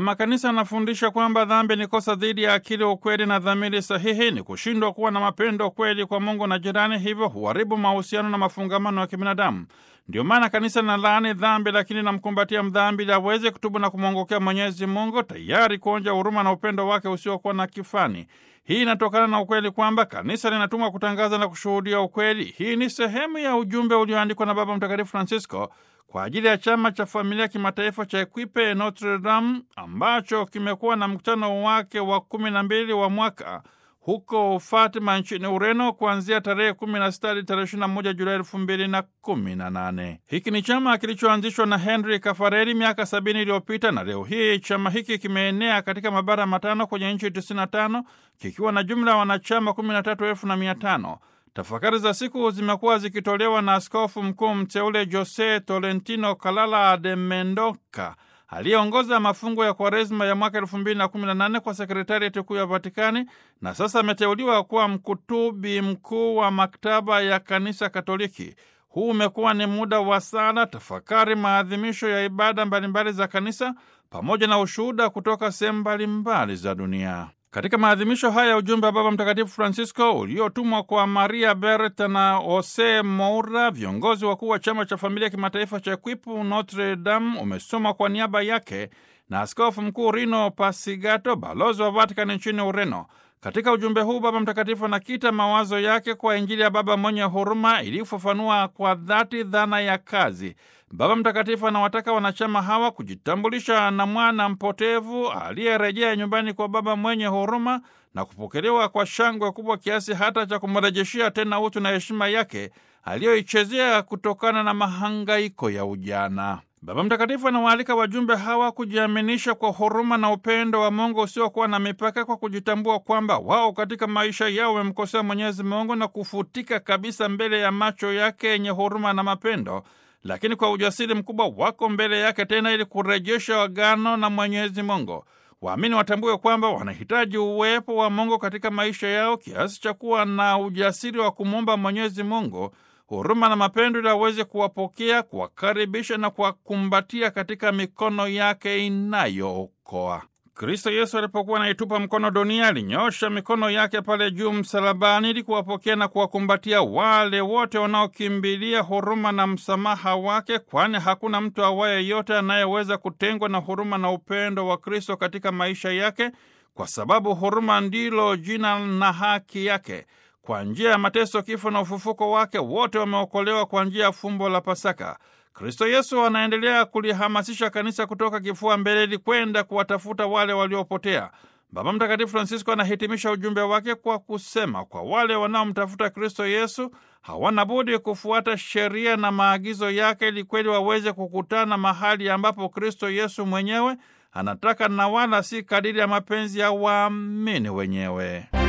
Mama Kanisa anafundisha kwamba dhambi ni kosa dhidi ya akili, ukweli na dhamiri sahihi, ni kushindwa kuwa na mapendo kweli kwa Mungu na jirani, hivyo huharibu mahusiano na mafungamano ya kibinadamu. Ndio maana kanisa na laani dhambi, lakini namkumbatia mdhambi ili aweze kutubu na kumwongokea Mwenyezi Mungu, tayari kuonja huruma na upendo wake usiokuwa na kifani. Hii inatokana na ukweli kwamba kanisa linatumwa kutangaza na kushuhudia ukweli. Hii ni sehemu ya ujumbe ulioandikwa na Baba Mtakatifu Francisco kwa ajili ya chama cha familia kimataifa cha Equipe Notre Dame ambacho kimekuwa na mkutano wake wa kumi na mbili wa mwaka huko Fatima nchini Ureno kuanzia tarehe 16 hadi tarehe 21 Julai 2018. Hiki ni chama kilichoanzishwa na Henry Kafareli miaka 70 iliyopita, na leo hii chama hiki kimeenea katika mabara matano kwenye nchi 95 kikiwa na jumla ya wanachama 13500. Tafakari za siku zimekuwa zikitolewa na askofu mkuu mteule Jose Tolentino Kalala de Mendoka aliyeongoza mafungo ya Kwaresma ya mwaka elfu mbili na kumi na nane kwa sekretarieti kuu ya Vatikani na sasa ameteuliwa kuwa mkutubi mkuu wa maktaba ya kanisa Katoliki. Huu umekuwa ni muda wa sala, tafakari, maadhimisho ya ibada mbalimbali za kanisa pamoja na ushuhuda kutoka sehemu mbalimbali za dunia. Katika maadhimisho haya ujumbe wa Baba Mtakatifu Francisco uliotumwa kwa Maria Berta na Jose Moura, viongozi wakuu wa chama cha familia kimataifa cha Ekwipu Notre Dame, umesoma kwa niaba yake na askofu mkuu Rino Pasigato, balozi wa Vatikani nchini Ureno. Katika ujumbe huu Baba Mtakatifu anakita mawazo yake kwa Injili ya Baba mwenye huruma ili kufafanua kwa dhati dhana ya kazi. Baba Mtakatifu anawataka wanachama hawa kujitambulisha na mwana mpotevu aliyerejea nyumbani kwa Baba mwenye huruma na kupokelewa kwa shangwe kubwa kiasi hata cha kumrejeshia tena utu na heshima yake aliyoichezea kutokana na mahangaiko ya ujana. Baba Mtakatifu anawaalika wajumbe hawa kujiaminisha kwa huruma na upendo wa Mungu usiokuwa na mipaka kwa kujitambua kwamba wao katika maisha yao wamemkosea Mwenyezi Mungu na kufutika kabisa mbele ya macho yake yenye huruma na mapendo, lakini kwa ujasiri mkubwa wako mbele yake tena ili kurejesha wagano na Mwenyezi Mungu. Waamini watambue kwamba wanahitaji uwepo wa Mungu katika maisha yao kiasi cha kuwa na ujasiri wa kumwomba Mwenyezi Mungu huruma na mapendo ili aweze kuwapokea, kuwakaribisha na kuwakumbatia katika mikono yake inayookoa. Kristo Yesu alipokuwa anaitupa mkono dunia, alinyosha mikono yake pale juu msalabani ili kuwapokea na kuwakumbatia wale wote wanaokimbilia huruma na msamaha wake, kwani hakuna mtu awaye yote anayeweza kutengwa na huruma na upendo wa Kristo katika maisha yake, kwa sababu huruma ndilo jina na haki yake. Kwa njia ya mateso, kifo na ufufuko wake, wote wameokolewa kwa njia ya fumbo la Pasaka. Kristo Yesu anaendelea kulihamasisha kanisa kutoka kifua ili kwenda kuwatafuta wale waliopotea. Baba Mtakatifu Francisco anahitimisha ujumbe wake kwa kusema, kwa wale wanaomtafuta Kristo Yesu hawana budi kufuata sheria na maagizo yake ili kweli waweze kukutana mahali ambapo Kristo Yesu mwenyewe anataka na wala si kadiri ya mapenzi ya waamini wenyewe.